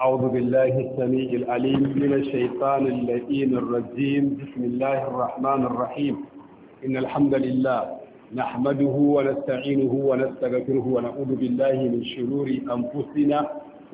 أعوذ بالله السميع العليم من الشيطان اللئيم الرجيم بسم الله الرحمن الرحيم إن الحمد لله نحمده ونستعينه ونستغفره ونعوذ بالله من شرور أنفسنا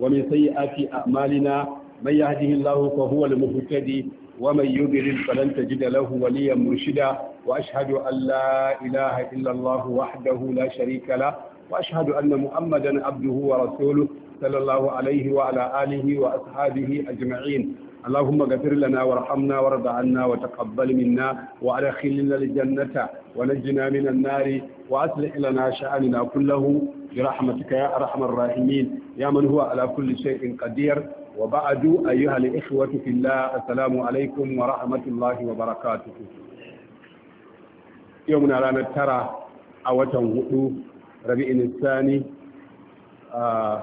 ومن سيئات أعمالنا من يهده الله فهو المهتدي ومن يضلل فلن تجد له وليا مرشدا وأشهد أن لا إله إلا الله وحده لا شريك له وأشهد أن محمدا عبده ورسوله صلى الله عليه وعلى آله وأصحابه أجمعين اللهم اغفر لنا وارحمنا وارض عنا وتقبل منا وادخلنا الجنة ونجنا من النار وأصلح لنا شأننا كله برحمتك يا أرحم الراحمين يا من هو على كل شيء قدير وبعد أيها الإخوة في الله السلام عليكم ورحمة الله وبركاته يومنا لا نترى أوة هدو ربيع الثاني آه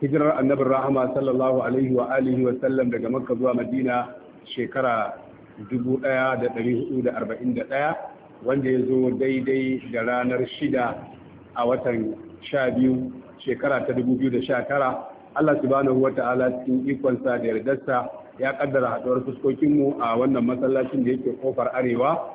hijirar annabin rahama sallallahu alaihi wa alihi wa sallam daga makka zuwa madina shekara 1441 wanda ya zo daidai da ranar shida a watan sha biyu shekara ta 2019 Allah subhanahu wa ta'ala cikin ikonsa da yardarsa ya kaddara haɗuwar fuskokinmu a wannan masallacin da yake kofar arewa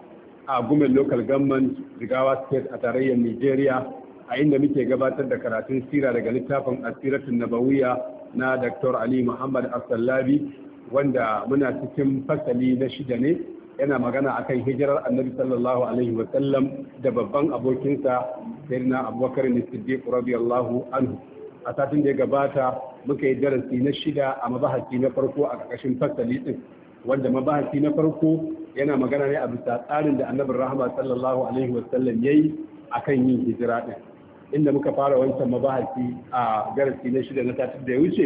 a gumen local government jigawa state a tarayyar nigeria a inda muke gabatar da karatun sira daga littafin asiratun nabawiya na Dr. Ali Muhammad Assallabi wanda muna cikin fasali na shida ne yana magana akan hijirar annabi sallallahu alaihi wa sallam da babban abokinsa sayyidina Abubakar ne Siddiq radiyallahu anhu a satin da ya gabata muka yi darasi na shida a mabahasi na farko a ƙarƙashin fasali din wanda mabahasi na farko yana magana ne a bisa tsarin da annabi rahama sallallahu alaihi wa sallam yayi akan yin hijira din inda muka fara wancan mabahasi a garasi na shida na satin da ya wuce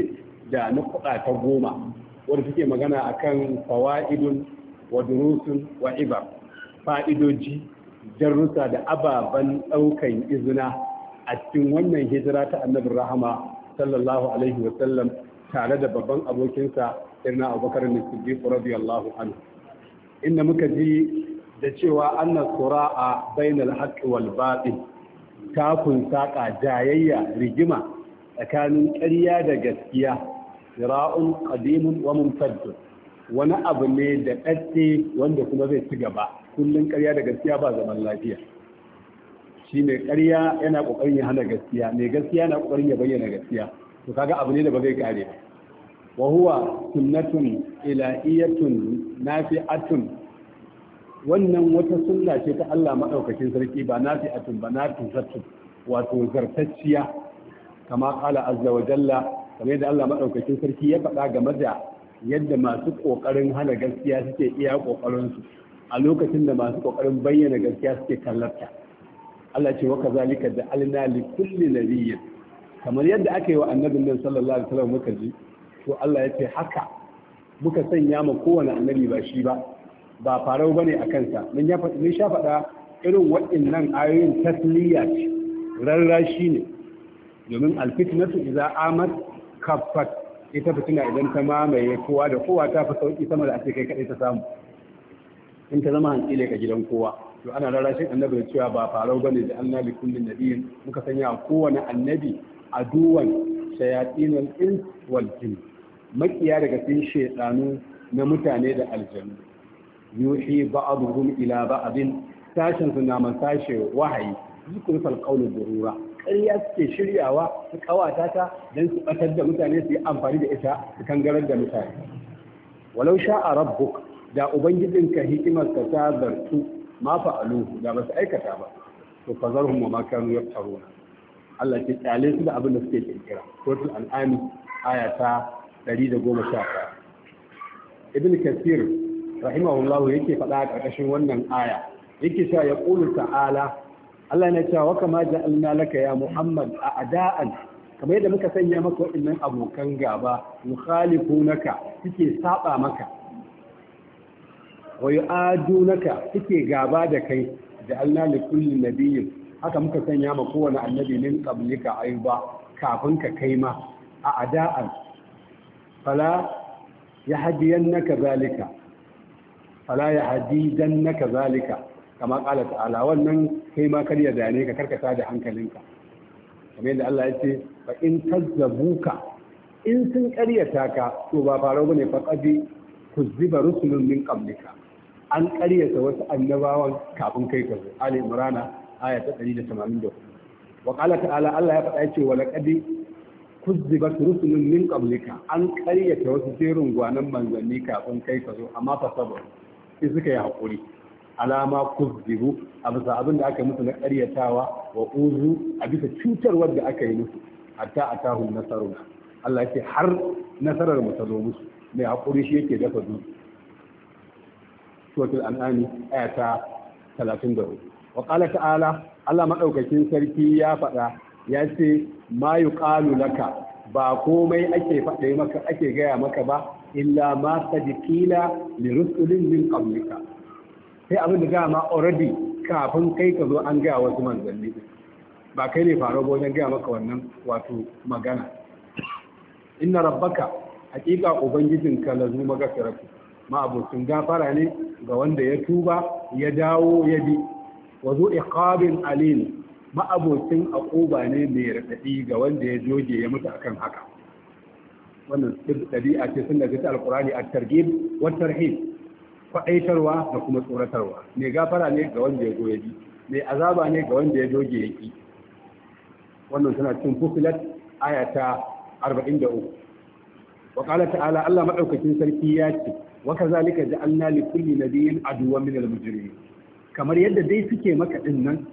da na kuɗa ta goma wanda suke magana akan fawaidun wa durusun wa fa'idoji jarrusa da ababen ɗaukan izina a cikin wannan hijira ta annabin rahama sallallahu alaihi wa sallam tare da babban abokinsa irna abubakar ne siddiq radiyallahu anhu inda muka ji da cewa annas qura'a bainal haqqi wal batil takun saƙa jayayya rigima tsakanin ƙarya da gaskiya zira'un ƙadimun, wa mumtaddun wani abu ne da ɗaɗɗe wanda kuma zai ci gaba kullum ƙarya da gaskiya ba zaman lafiya shi mai ƙarya yana ƙoƙarin ya hana gaskiya mai gaskiya yana ƙoƙarin ya bayyana gaskiya to kaga abu ne da ba zai kare ba wa huwa sunnatun ilahiyatun nafi'atun wannan wata sunna ce ta Allah maɗaukakin sarki ba na fi atun ba na wato zartacciya kama ala azza wa jalla kamar yadda Allah maɗaukakin sarki ya faɗa game da yadda masu ƙoƙarin hana gaskiya suke iya ƙoƙarinsu a lokacin da masu ƙoƙarin bayyana gaskiya suke kallarta Allah ce wa kazalika da alna li kulli kamar yadda aka yi wa annabin nan sallallahu alaihi wasallam muka ji to Allah ya ce haka muka sanya ma kowane annabi ba shi ba ba farau bane a kansa mun ya faɗi mun sha faɗa irin waɗannan ayoyin tasliya ce rarrashi ne domin alfitnatu idza amat kaffat ita fitina idan ta mamaye kowa da kowa ta fi sauki sama da ake kai kadai ta samu in ta zama hankile ka gidan kowa to ana rarrashin annabi da cewa ba farau bane da annabi kullun nabiyin muka sanya kowane annabi aduwan shayatinul ins wal jin makiya daga cikin shedanu na mutane da aljanu yuhi ba'dhum ila ba'din sashin su naman sashe wahayi zikun fal qawlu durura ƙarya suke shiryawa su kawata ta dan su batar da mutane su yi amfani da ita su kangarar da mutane walau sha'a rabbuk da ubangijinka hikimar ka ta zartu ma fa'alu da ba su aikata ba to fazarhum wa ma kanu yaftaruna Allah ke kyale su da abin da suke kirkira suratul an'am aya ta 111 ibn kasir rahimahullahu yake faɗa a ƙarƙashin wannan aya yake cewa ya ƙulu ta'ala Allah na cewa waka ma ja'alna laka ya Muhammad a ada'an kamar yadda muka sanya maka waɗannan abokan gaba yukhalifunaka suke saba maka wa yu'adunaka suke gaba da kai ja'alna li kulli nabiyyin haka muka sanya ma kowane annabi min qablika ayba kafin ka kai ma a ada'an fala yahdiyannaka zalika fala ya hadidan na kazalika kama kala ta'ala wannan kai ma kar da ne ka karkata da hankalinka kamar yadda Allah ya ce fa in kazzabuka in sun karyata ka to ba faro bane fa qadi kuzziba rusulun min qablika an karyata wasu annabawan kafin kai ka zo ali imrana aya ta 184 wa qala ta'ala Allah ya faɗa yace wa laqadi kuzzibat rusulun min qablika an karyata wasu jerin gwanan manzanni kafin kai ka zo amma fa sabar sai suka yi haƙuri alama kuzibu a bisa abin da aka musu na ƙaryatawa wa uzu a bisa cutarwar da aka yi musu hatta a tahun nasarar Allah ya ce har nasarar mu ta zo musu mai hakuri shi yake dafa dutse suratul an'ami aya ta 34 wa qala ta'ala Allah madaukakin sarki ya faɗa ya ce ma yuqalu laka ba komai ake faɗa maka ake gaya maka ba illa ma sadikila li rusulin min qablika sai abin da dama already kafin kai ka zo an gaya wasu manzanni ba kai ne faro ba wajen gaya maka wannan wato magana inna rabbaka ubangijin ka lazu magafiratu ma abocin gafara ne ga wanda ya tuba ya dawo ya bi wazu iqabin alim ma'abocin aƙoba ne mai raɗaɗi ga wanda ya joge ya mutu akan haka wannan ɗabi'a ce sun daga ta alƙurani a targib wa tarhib kwaɗaitarwa da kuma tsoratarwa mai gafara ne ga wanda ya zo ya ji mai azaba ne ga wanda ya joge ya ki wannan suna cin fufilat aya ta 43 wa qala ta'ala Allah madaukakin sarki ya ce wa ji ja'alna li kulli nabiyyin aduwwan min al-mujrimin kamar yadda dai suke maka din nan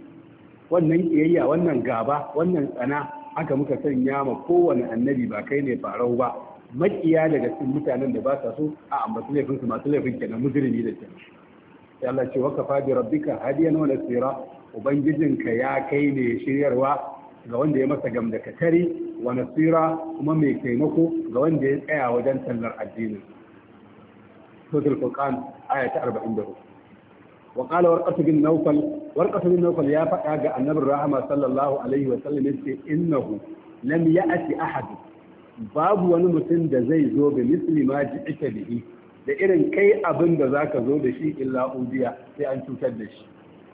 wannan kiyayya wannan gaba wannan tsana haka muka sanya ma kowane annabi ba kai ne farau ba makiya daga cikin mutanen da ba sa so a ambaci laifin su masu laifin kenan mujrimi da kenan sai Allah ce waka fa rabbika hadiyan wa nasira ubangijinka ya kai ne shiryarwa ga wanda ya masa Gamla-Katari wa nasira kuma mai taimako ga wanda ya tsaya wajen tallar addinin suratul furqan aya ta 44 wa qala warqatu bin warqatu bin nawfal ya faɗa ga annabin rahama sallallahu alaihi wa sallam yace innahu lam ya'ti ahad babu wani mutum da zai zo bi misli ma ji'ita bihi da irin kai abin da zaka zo da shi illa udiya sai an cutar da shi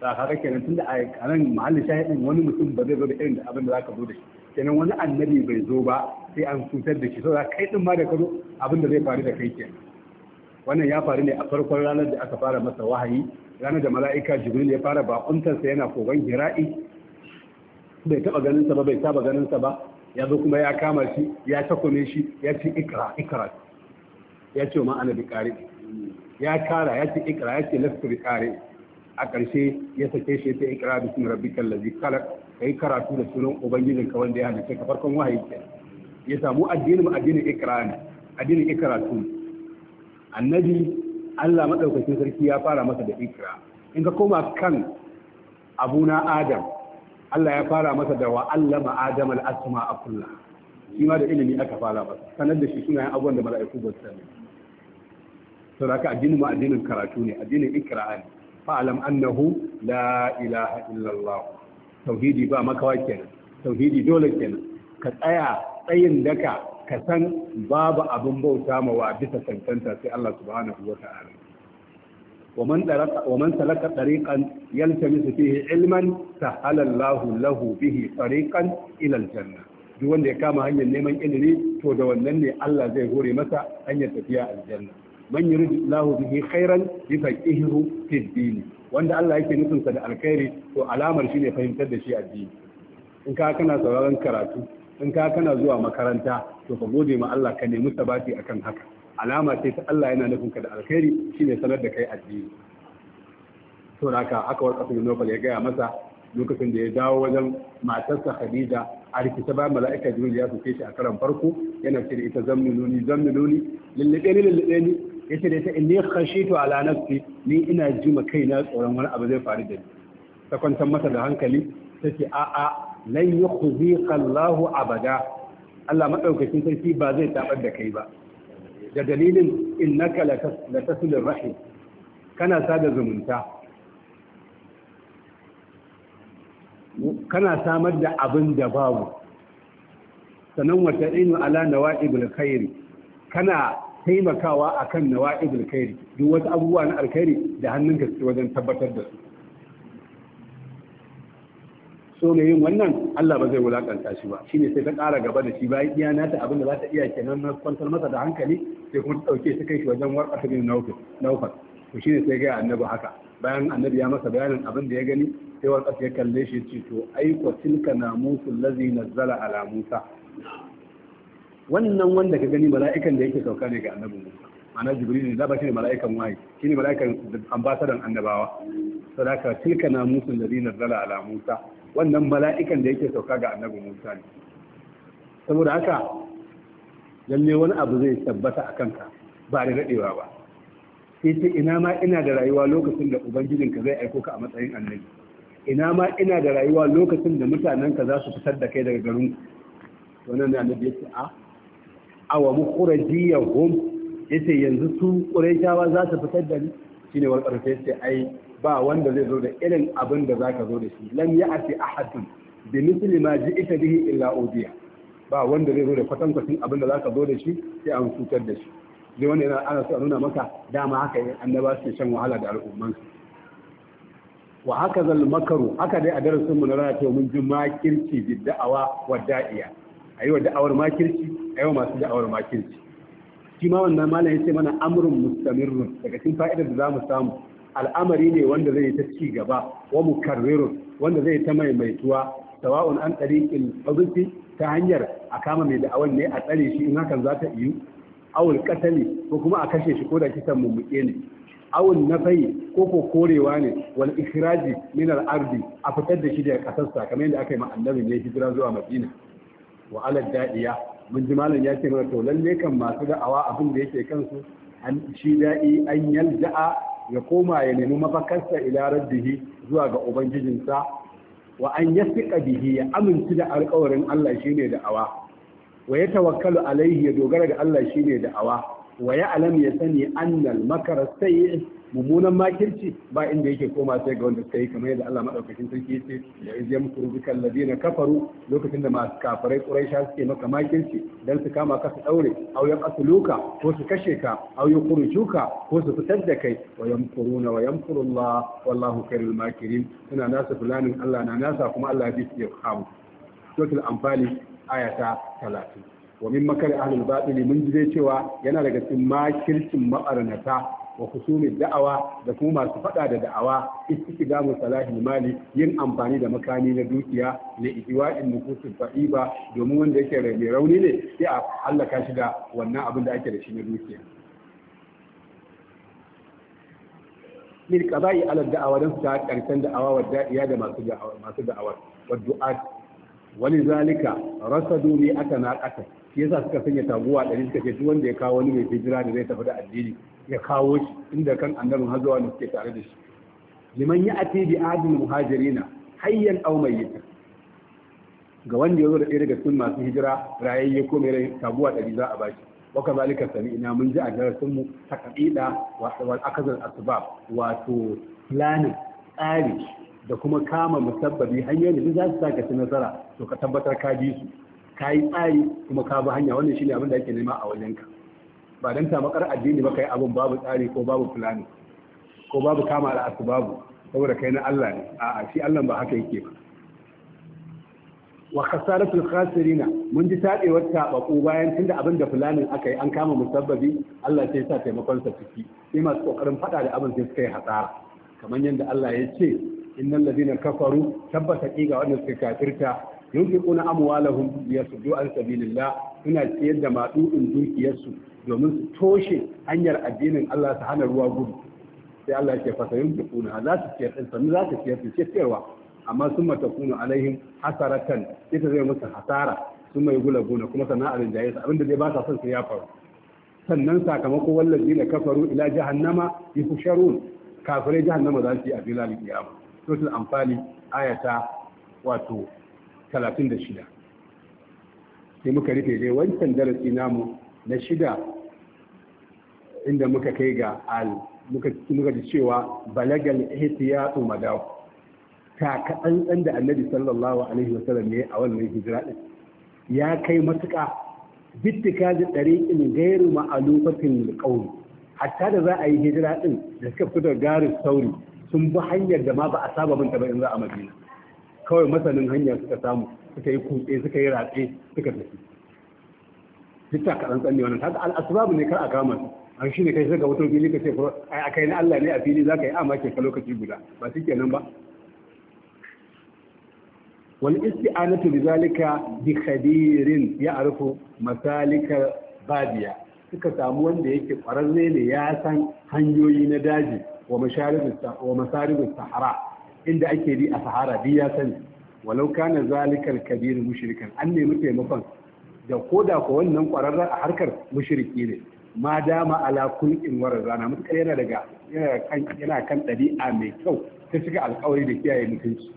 kaga kenan tunda a nan mahallin shahidin wani mutum ba zai zo da irin da abin da zaka zo da shi kenan wani annabi bai zo ba sai an cutar da shi saboda kai din ma da ka abin da zai faru da kai kenan wannan ya faru ne a farkon ranar da aka fara masa wahayi ranar da mala'ika jibril ya fara ba bakuntarsa yana kogon hira'i bai taba ganin sa ba bai saba ganin sa ba ya zo kuma ya kama shi ya takume shi ya ce ikra ikra ya ce ma ana qari ya kara ya ce ikra ya ce lafsu bi qari a ƙarshe ya sake shi ta ikra da bismi rabbikal ladzi khalaq yi karatu da sunan ubangijin ka wanda ya halitta ka farkon wahayi kenan ya samu addinin addinin ikra ne addinin ikratu annabi Allah maɗaukakin sarki ya fara masa da ikra in ka koma kan abuna adam Allah ya fara masa da wa allama adam a kulla shi ma da ilimi aka fara masa sanar da shi suna yin abubuwan da mala'iku ba su sani to da addinin mu addinin karatu ne addinin ikra ne fa'alam annahu la ilaha illallah tauhidi ba makawa kenan tauhidi dole kenan ka tsaya tsayin daka ka san babu abin bauta ma wa bisa cancanta sai Allah subhanahu wa ta'ala wa man daraka wa man tariqan yaltamisu fihi ilman sahala Allahu lahu bihi tariqan ila aljanna duk wanda ya kama hanyar neman ilimi to da wannan ne Allah zai hore masa hanyar tafiya aljanna man yuridu Allahu bihi khairan yufaqihuhu fid din wanda Allah yake sa da alkhairi to alamar shine fahimtar da shi addini in ka kana sauraron karatu in ka kana zuwa makaranta to ka gode ma Allah ka nemi sabati akan haka alama ce ta Allah yana nufin ka da alkhairi shine sanar da kai addini to haka haka wasu kafin Nobel ya gaya masa lokacin da ya dawo wajen matarsa Khadija a rikice ba mala'ika Jibril ya soke shi a karan farko yana ce da ita zammiluni zammiluni lullube ni lullube ni yace da ita inni khashitu ala nafsi ni ina jima kaina tsoron wani abu zai faru da ni ta kwantar masa da hankali tace a a lan yukhzika Allah abada Allah madaukakin sarki ba zai tabar da kai ba da dalilin innaka latasul rahim kana sada zumunta kana samar da abin da babu Sanin wata inu ala nawa'ibul khairi kana taimakawa akan nawa'ibul khairi duk wata abubuwa na alkhairi da hannunka su wajen tabbatar da su so ne yin wannan Allah ba zai wulakanta shi ba shine sai ta ƙara gaba da shi bayan iya nata abin da za ta iya kenan na kwantar masa da hankali sai kuma ta ɗauke ta kai shi wajen warƙa ta bin naufar to shine sai ga annabi haka bayan annabi ya masa bayanin abin da ya gani sai warƙa ya kalle shi ce to ai ko tilka namusul ladzi nazzala ala musa wannan wanda ka gani mala'ikan da yake sauka ne ga annabi musa ma'ana jibril ne zaba ne mala'ikan wahayi ne mala'ikan ambasadan annabawa sadaka tilka namusul ladzi nazzala ala musa wannan mala'ikan da yake sauka ga annabi Musa ne saboda haka lalle wani abu zai tabbata a kanka ba da daɗewa ba sai ce ina ma ina da rayuwa lokacin da ubangijinka zai aiko ka a matsayin annabi ina ma ina da rayuwa lokacin da mutanenka za su fitar da kai daga garin wannan ne annabi ya ce a awa ya ce yanzu su quraishawa za su fitar da ni shine wal karfe sai ai ba wanda zai zo da irin abin da zaka zo da shi lam ya'ti ahadun bi misli ma ji'ita bihi illa udiya ba wanda zai zo da kwatankwacin abin da zaka zo da shi sai an cutar da shi zai wanda yana ana so a nuna maka dama haka yin annaba su shan wahala da al'umman su wa haka zal makaru haka dai a darasin mu na rana ta mun ji makirci bi da'awa wa da'iya ayi wa da'awar makirci ayi wa masu da'awar makirci shi ma wannan malam yace mana amrun mustamirrun daga cikin fa'idar da zamu samu al'amari ne wanda zai ta ci gaba wa mukarrirun wanda zai ta maimaituwa sawa'un an tariqil fadhli ta hanyar a kama mai da'awan ne a tsare shi in hakan za ta iyu awul katali ko kuma a kashe shi ko da kisan mummuke ne awul nafai ko ko korewa ne wal ikhraji min al ardi a fitar da shi daga sa kamar yadda aka yi ma annabi ne hijira zuwa madina wa ala da'iya mun ji malam ya ce mana to lalle kan masu da'awa abin da yake kansu an shi da'i an yalda'a. ya koma ya nemi mafakarsa ila rabbihi zuwa ga ubangijinsa wa an yasika bihi ya aminci da alƙawarin Allah shine da wa ya tawakkalu alaihi ya dogara ga Allah shine da wa ya alam ya sani annal makara sayyi mummunan makirci ba inda yake koma sai ga wanda suka yi kamar yadda Allah madaukakin sarki yace da iz yamkuru bikal ladina kafaru lokacin da masu kafirai quraisha suke maka makirci dan su kama ka su daure aw yaqtuluka ko su kashe ka aw yukhrijuka ko su fitar da kai wa yamkuruna wa yamkuru Allah wallahu khairul makirin suna nasa fulanin Allah na nasa kuma Allah ya fi kamu suratul anfali ayata 30 wa min makar ahlul mun ji cewa yana daga cikin makircin ma'arnata wa husumid da'awa da kuma masu fada da da'awa istiqdamu salahi mali yin amfani da makami na dukiya li ijwa'in nufusul fa'iba domin wanda yake mai rauni ne sai a hallaka shi da wannan abin da ake da shi na dukiya min qada'i ala da'awa dan ta karshen da'awa wa da'iya da masu da'awa masu da'awa wa du'at ولذلك رصدوا مئة ناقة shi yasa suka sanya taguwa ɗari suka ce wanda ya kawo wani mai hijira da zai tafi da addini ya kawo shi inda kan annabin hazawa ne suke tare da shi liman ya ati bi adil muhajirina hayyan aw mayyita ga wanda ya zo da ɗaya daga cikin masu hijira rayayye ko mai rai taguwa ɗari za a bashi wa kazalika ina mun ji a darasin mu taqida wa wal akazal asbab wato planning tsari da kuma kama musabbabi hanyoyin da za su saka ci nasara to ka tabbatar ka bi su ka yi tsari kuma ka bi hanya wannan shine abin da ake nema a wajenka ba dan kar addini ba kai abin babu tsari ko babu fulani ko babu kama al'asu babu saboda kai na Allah ne a'a shi Allah ba haka yake ba wa khasaratu khasirina mun ji tabewar tabaku bayan tunda abin da fulanin aka yi an kama musabbabi Allah sai sa taimakon sa ciki sai masu kokarin fada da abin sai suka yi hasara kamar yadda Allah ya ce innal ladina kafaru tabbata kiga wannan suka kafirta yunfiquna amwalahum liyasuddu an sabilillah suna ciyar da matsudin dukiyarsu domin su toshe hanyar addinin Allah ta hana ruwa gudu sai Allah ya fasa yunfiquna za su ciyar din sannan za su ciyar su amma sun mata kunu alaihim hasaratan ita zai musu hasara sun mai gula gona kuma sana'ar jayyar abinda zai ba sa son su ya faru sannan sakamako wallazi na kafaru ila jahannama yusharun kafirai jahannama za su yi a filal kiyama suratul amfani ayata wato shida sai muka rufe dai wancan darasi namu na shida inda muka kai ga al muka ji cewa balagal ihtiyatu madaw ta kaɗan da annabi sallallahu alaihi wasallam ne a wannan hijira din ya kai matuƙa bittika da in gairu ma'alufatin ƙauni hatta da za a yi hijira ɗin da suka fito garin sauri sun bi hanyar da ma ba a saba binta ba in za a madina kawai masanin hanyar suka samu suka yi kutse suka yi ratse suka tafi duk ta kaɗan tsanne wannan haka ne kar a kama su an shi ne kai saka wata fili ka ce ai akai na Allah ne a fili za ka yi amma ke ka lokaci guda ba shi kenan ba wal isti'anatu bi zalika bi khabirin ya'rifu masalika babiya suka samu wanda yake kwararre ne ya san hanyoyi na daji wa masharibus sahara inda ake bi a sahara bi ya sani walau kana zalikal kabir mushrikan an nemi taimakon da koda ko wannan kwararren a harkar mushriki ne ma dama ala kulkin warar rana mutukar yana daga yana kan ɗabi'a mai kyau ta cika alkawari da kiyaye mutunci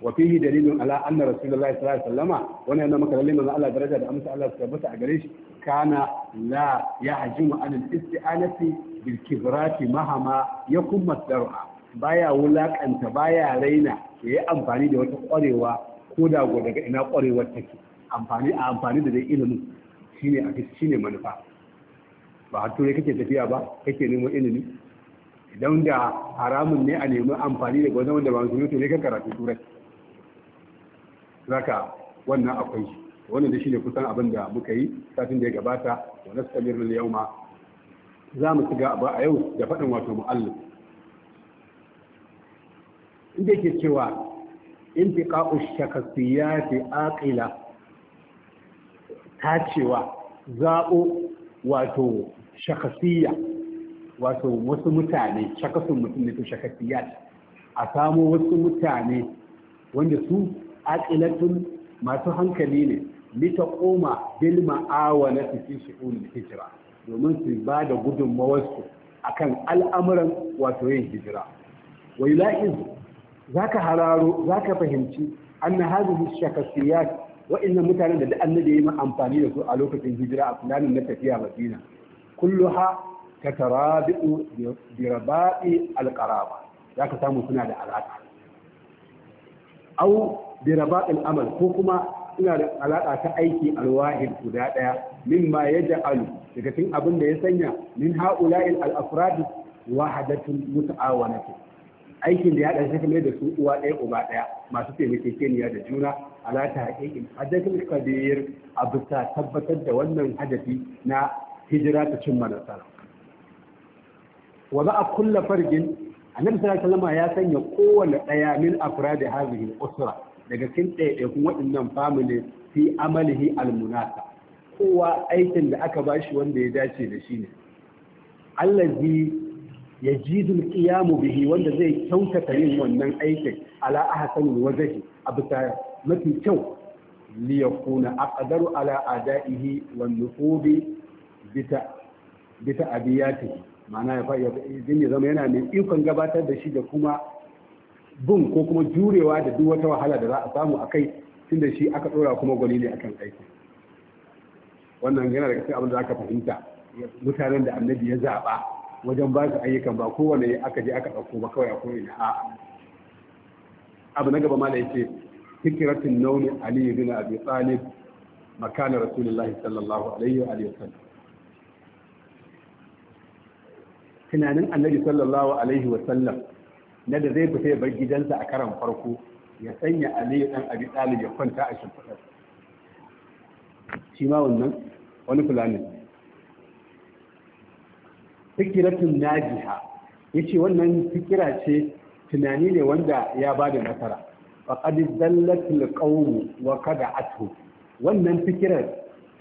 wa fihi dalilun ala anna rasulullahi sallallahu alaihi wasallama wannan yana maka dalilin Allah daraja da amsa Allah tabbata a gare shi kana la yahjumu an al-isti'anati bil kibrati mahama yakun masdaruha baya wulakanta baya raina ya yi amfani da wata ƙwarewa ko da daga ina ƙwarewar take amfani a amfani da dai ilimin shine a shine manufa ba har turai kake tafiya ba kake neman ilimi idan da haramun ne a nemi amfani da wani wanda ba musulmi to ne ka karatu turai zaka wannan akwai wannan da shine kusan abin da muka yi satin da ya gabata wa nastamir lil yawma za mu shiga ba a yau da faɗin wato mu'allim inda ke cewa intiqa'u shakasiyati aqila tacewa zaɓo wato shakasiyya wato wasu mutane shakasun mutum ne to shakasiyat a samo wasu mutane wanda su aqilatun masu hankali ne lita koma bil ma'awana su fi shi'un hijira domin su ba da gudunmawarsu akan al'amuran wato yin hijira wa yula'izu zaka hararo zaka fahimci anna shakasiyat shakhsiyat wa'annan mutanen da annabi ya yi amfani da su a lokacin hijira a fulanin na tafiya madina kulluha tatarabi'u bi raba'i alqaraba zaka samu suna da alaka au bi rabai amal ko kuma suna da alaƙa ta aiki alwahid guda ɗaya min ma ya ja'alu daga cikin abin da ya sanya min ha'ula'il al'afradi wahadatun muta'awanatu aikin da ya ɗan shaka da su uwa ɗaya uba ɗaya masu taimakekeniya da juna ala ta haƙiƙin hadatul kabir a bisa tabbatar da wannan hadafi na hijira ta cimma nasara wa za a kulla fargin annabi sallallahu alaihi ya sanya kowane ɗaya min afradi hadhihi usra daga cikin ɗaiɗaikun waɗannan family fi amalihi almunasa kowa aikin da aka bashi wanda ya dace da shi ne allazi ya jizul qiyamu bihi wanda zai kyautata yin wannan aikin ala ahsanil wajhi a bisa mafi kyau li yakuna aqdaru ala adaihi wan nuqubi bita bita abiyatihi ma'ana ya fara ya zama yana mai ikon gabatar da shi da kuma bin ko kuma jurewa da duk wata wahala da za a samu a kai tunda shi aka dora kuma gwani ne akan aikin wannan yana daga cikin abin da aka fahimta mutanen da annabi ya zaba wajen ba su ayyukan ba kowane ya aka je aka ɗauko ba kawai a ko'ina a abu na gaba mala yake fikiratin nauni ali ibn abi talib makana rasulullahi sallallahu alaihi wa sallam tunanin annabi sallallahu alaihi wa sallam na da zai fita ya bar gidansa a karan farko ya sanya aliyu dan abi talib ya kwanta a shimfiɗar shi ma wannan wani fulani fikiratun najiha yace wannan fikira ce tunani ne wanda ya bada da nasara wa qad dallatul qawm wa wannan fikirar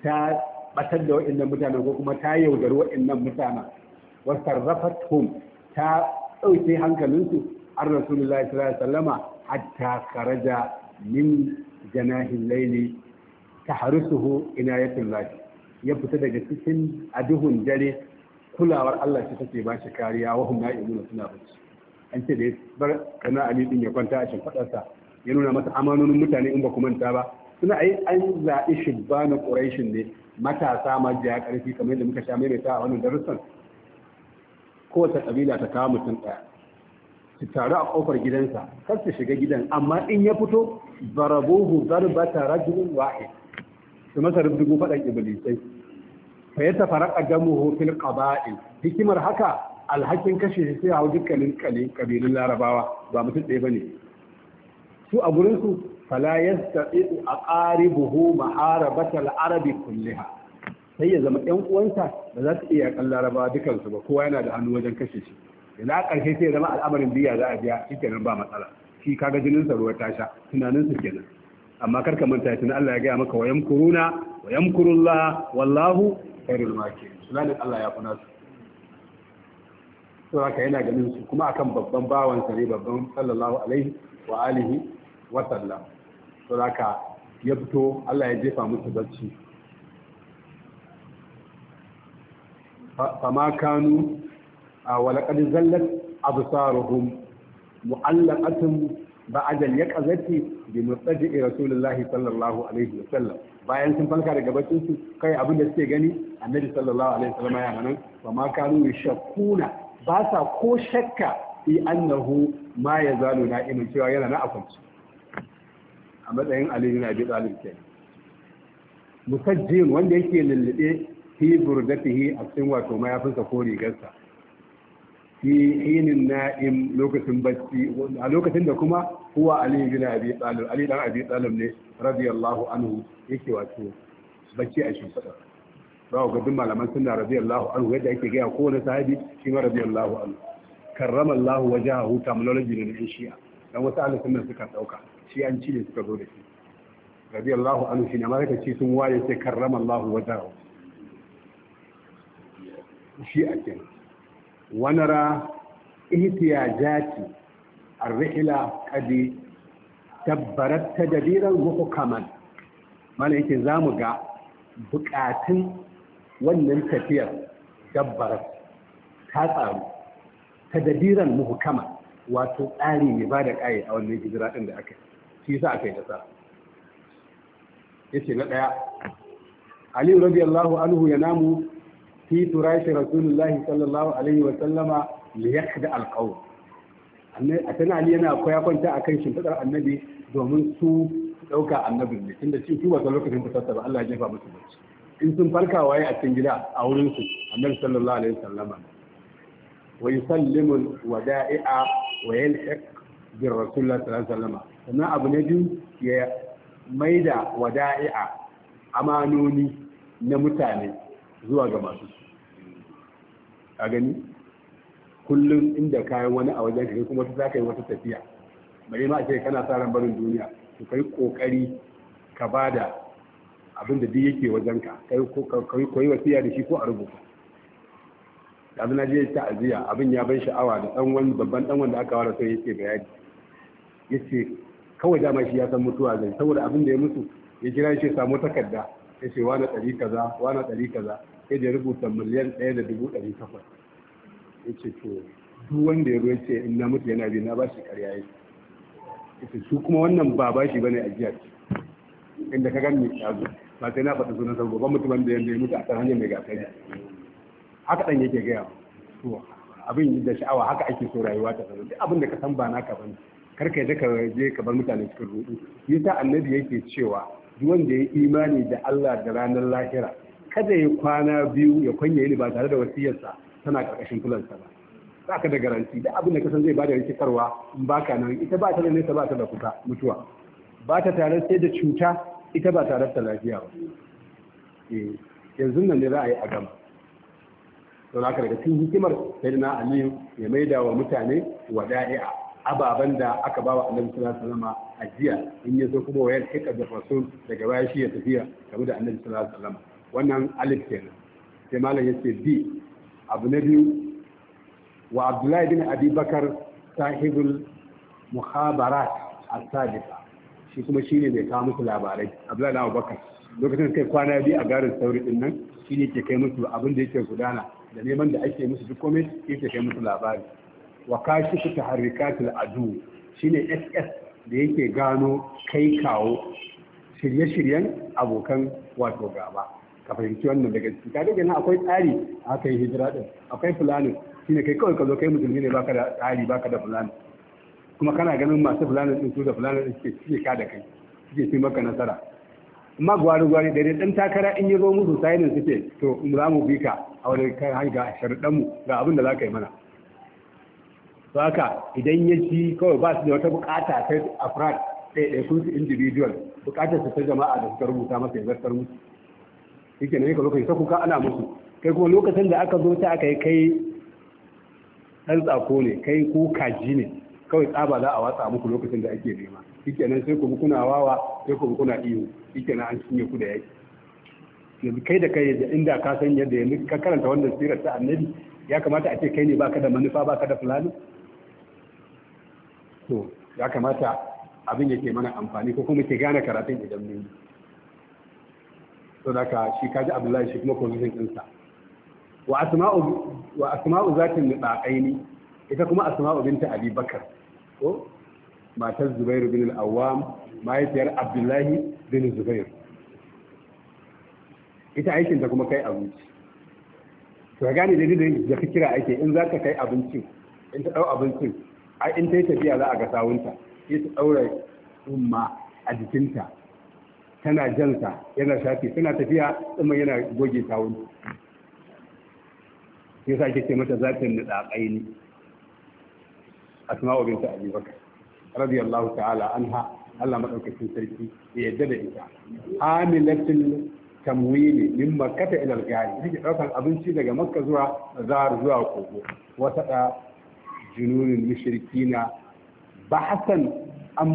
ta batar da wa'annan mutanen ko kuma ta yaudari wa'annan mutanen wa sarrafatuhum ta dauke hankalinsu an rasulullahi sallallahu alaihi wasallama hatta kharaja min janahil layli ta ya fita daga cikin aduhun dare kulawar Allah ce take ba shi kariya wa hum na'imuna suna bacci an ce da ya bar kana ali din ya kwanta a shimfadarsa ya nuna masa amanonin mutane in ba ku manta ba suna ai an zaɓi shibbanin ƙuraishin ne matasa jiya karfi kamar yadda muka sha maimaita a wannan darussan kowace ƙabila ta kawo mutum ɗaya su taru a ƙofar gidansa kar su shiga gidan amma in ya fito barabuhu zarbata rajulun wahid su masa rubdugu faɗan ibilisai. fa ya damu damuhu fil hikimar haka alhakin kashe shi sai hau dukkanin ƙabilun larabawa ba mutum ɗaya ne. su a gurin su a ƙari buhu ma'ara batal arabi kulliha sai ya zama ɗan uwansa ba za su iya yakan larabawa dukansu ba kowa yana da hannu wajen kashe shi da ƙarshe sai zama al'amarin biya za a biya shi kenan ba matsala shi kaga jinin sa ruwa tasha tunanin su kenan amma kar ka manta tun Allah ya gaya maka wayam kuruna wayam kurullah wallahu khairul makirin su Allah ya fi nasu haka yana ganin su kuma akan babban bawansa ne babban sallallahu alaihi wa alihi wa sallam haka ya fito Allah ya jefa musu bacci fama kanu ولقد زلت أبصارهم معلقة بعد da بمرتجع رسول bayan sun farka daga gabacin su kai abin da suke gani annabi sallallahu alaihi wasallam ya nan fa ma kanu yashkuna ba sa ko shakka fi annahu ma ya yazalu imin cewa yana na akwanci a matsayin aliyu na bi zalim ke musajjin wanda yake lullube fi burdatihi a cikin wato mayafinsa ko rigarsa fi hinin na'im lokacin bacci a lokacin da kuma huwa ali bin abi talib ali dan abi talib ne radiyallahu anhu yake wato bacci a shi fada ba ga dukkan malaman sunna radiyallahu anhu yadda yake ga kowane sahabi shi ma radiyallahu anhu karrama Allah wajahu terminology ne na shi'a dan wasu ahli sunna suka dauka shi an ci ne suka zo da shi radiyallahu anhu shi ne ma zaka ci sun waye sai karrama Allah wajahu shi'a kenan ونرى احتياجات الرحلة قد تبرت تدبيرا محكما mana yake za mu ga bukatun wannan tafiyar dabbarar ta tsaru ta dadiran muhukama wato tsari ne ba da ƙaye a wannan hijira ɗin da aka shi sa aka yi ta ya ce na ɗaya ali radiyallahu anhu ya namu fi turashi rasulullahi sallallahu alaihi wa sallama li yahda alqaw tana yana koya kwanta akan shimfidar annabi domin su ɗauka annabin ne tunda shi su ba lokacin fitarsa ba Allah ya jefa musu bacci in sun farka wa a cikin gida a wurin su annabi sallallahu alaihi wa sallama wa yusallimu wada'i'a wa yalhiq bin rasulullah sallallahu sannan abu ne biyu ya maida wada'i'a amanoni na mutane zuwa ga masu su a gani kullum inda kayan wani a wajen kai kuma za ka yi wata tafiya bare ma ce kana sa ran barin duniya to kai kokari ka bada abin da duk yake wajen ka kai kai koyi wasiya da shi ko a rubuta yanzu na je ta'aziya abin ya ban sha'awa da dan wani babban dan wanda aka wara sai yake bayani yace kawai dama shi ya san mutuwa zai saboda abin da ya mutu ya jira shi ya samu takarda ya ce wani ɗari kaza wane ɗari kaza ya je rubuta miliyan ɗaya da dubu ɗari takwas ya ce to duk wanda ya ruwa ce in na mutu yana biyu na ba shi ƙarya ya ce su kuma wannan ba ba shi bane a jiya inda ka gan ya zo ba sai na faɗi sunan sarko ba mutumin da ya mutu a kan hanyar mai gafari haka ɗan yake gaya to abin da sha'awa haka ake so rayuwa ta zama duk abin da ka san ba naka bane kar ka je ka ka bar mutane cikin rudu ta annabi yake cewa wanda ya imani da Allah da ranar lahira kada ya kwana biyu ya kwanye ni ba tare da wasiyarsa tana karkashin kulansa ba Za ka da garanti da abin da san zai bada rikitarwa in baka nan ita ba ta ne ta ba ta da kusa mutuwa ba ta tare sai da cuta ita ba tare da lafiya ba eh, yanzu nan ne za a yi a gama don haka daga cikin hikimar sai na aliyu ya maida wa mutane wa wada'i'a ababen da aka ba wa annabi sallallahu alaihi wasallam ajiya in ya zo kuma wayar hikar da rasul daga baya shi ya tafiya game da annabi sallallahu alaihi wasallam wannan alif kenan sai malam yace bi abu na biyu wa abdullahi bin abi bakar sahibul muhabarat as-sadiqa shi kuma shine mai kawo musu labarai abdullahi bin bakar lokacin kai kwana biyu a garin sauri din nan shine ke kai musu abin da yake gudana da neman da ake musu duk komai yake kai musu labari wa kashifu taharrikatil adu shine SS da yake gano kai kawo shirye-shiryen abokan wato gaba ka fahimci wannan daga ciki kaga kenan akwai tsari a kai hijira din akwai fulani shine kai kawai ka zo kai musulmi ne baka da tsari baka da fulani kuma kana ganin masu fulani din su da fulani din suke cike ka da kai suke ci maka nasara amma gwari gwari da dan takara in yi zo musu sai suke to za mu bi ka a wani kai hanga sharuɗan mu ga abin da za ka yi mana haka idan ya ci kawai ba su da wata bukata ta afrad ɗaya ɗaya kun su individual bukatar su ta jama'a da suka rubuta masa ya zartar musu shike ne ka lokacin ta kuka ana musu kai kuma lokacin da aka zo ta aka yi kai ɗan tsako ne kai ko kaji ne kawai tsaba za a watsa muku lokacin da ake nema shike nan sai ku kuna wawa sai ku kuna iyo shike nan an cinye ku da yaki yanzu kai da kai da inda ka san yadda yanzu ka karanta wannan sirar ta annabi ya kamata a ce kai ne baka da manufa baka da fulani to ya kamata abin ke mana amfani ko kuma ke gane karatun idan mun to daga shi kaji abdullahi shi kuma position ɗinsa wa asma'u wa asma'u zatin ita kuma asma'u binta abi bakar ko matar zubairu bin al-awwam mahaifiyar abdullahi bin zubairu ita aikin ta kuma kai abinci to ka gane da da kira aiki in za ka kai abincin in ta dau abincin ai in ta yi tafiya za a ga sawunta sai ta ɗaura umma a jikinta tana jansa yana shafi suna tafiya tsumma yana goge sawunta sai sa kike ce mata zatin da ɗaƙaini asma'u binta bakr radiyallahu ta'ala anha Allah madaukakin sarki ya yadda da ita amilatul tamwili min makkata ila al-gari take daukan abinci daga makka zuwa zahar zuwa kogo wata jununin na bahasan an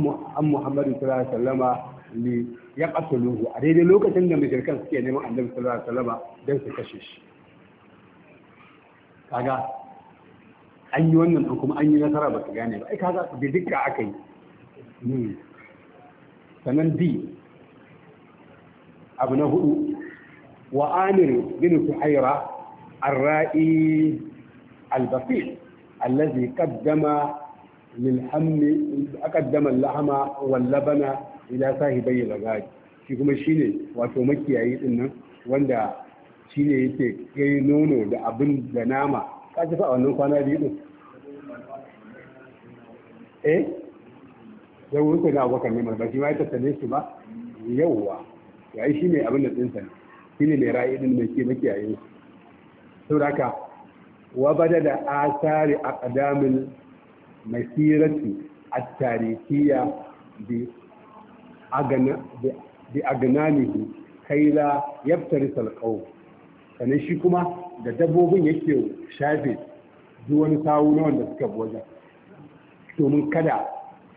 muhammadu sallallahu alaihi a daidai lokacin da mushrikan suke neman annabi sallallahu alaihi wasallama yi nasara ba su gane ba ai kaga aka yi hmm. sannan abu na hudu wa amir bin suhaira arra'i al-basir الذي قدم للحم hammi اللحم واللبن lahma صاحبي labana ila Kuma shi kuma shine wato makiyayi dinnan wanda wanda shine yake kai nono da abin da nama ka ji fa wannan kwana biyu din eh da wuri ko da abokan ne ba shi ma ya tattale shi ba yawwa yayi shine abin da Shi shine mai ra'ayi din mai ke makiyayi saboda haka وبدل آثار أقدام المسيرة التاريخية بأجنامه kai la yaftari salƙau sannan shi kuma da dabbobin yake shafe duk wani sawu na wanda suka bi wajen domin kada